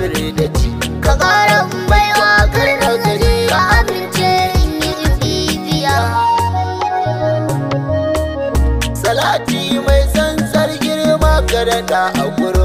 har da ci ka ƙara baiwa kar da gari ka amince in yi bibiya salati mai tsantsar girma ka daɗa a gurin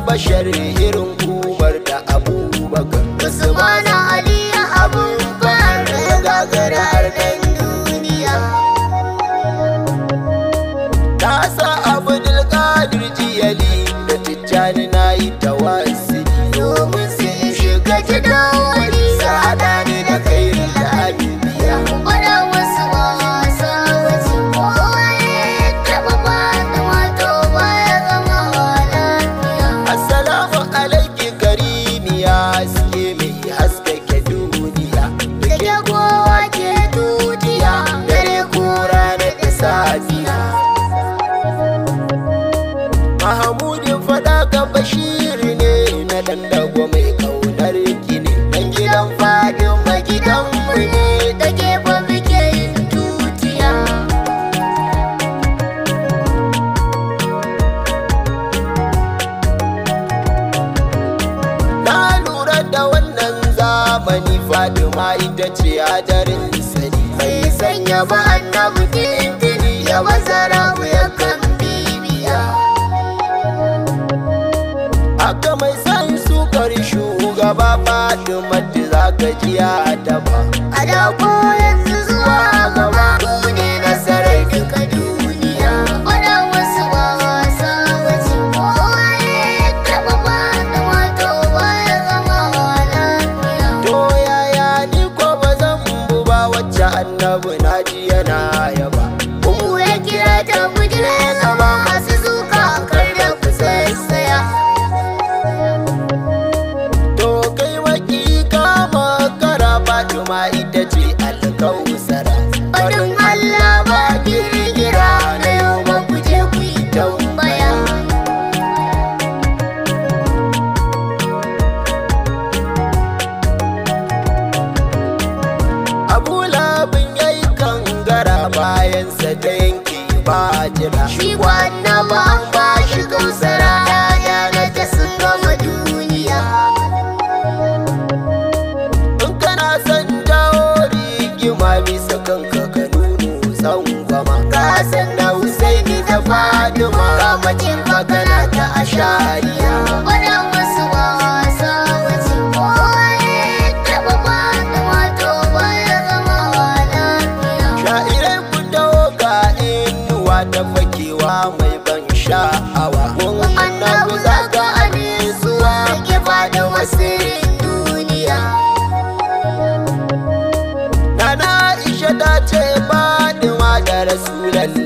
bashar irin kubar da abu faduma ita ce hadarin isani mai sanya ba annabi tintini ya rabu ya kan bibiya aka mai san sukar shugaba faduma da zaka ji a daba a da annabi na ji yana yaba umu ya kira ta bujira ya zama masu zuka kar da ku sassaya to kai waki kama kara fatima ita dama bisa kanka ka nuno tsangwama ka san da husaini da fatima kamacin magana ta ashariya rasulallah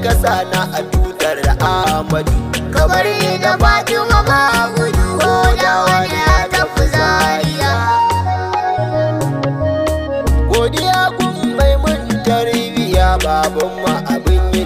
kasa na a tutar Ahmadu kamar yi da Fatima ba gudu ko da wani ya tafi zariya godiya kun bai mun tarbiya baban ma abin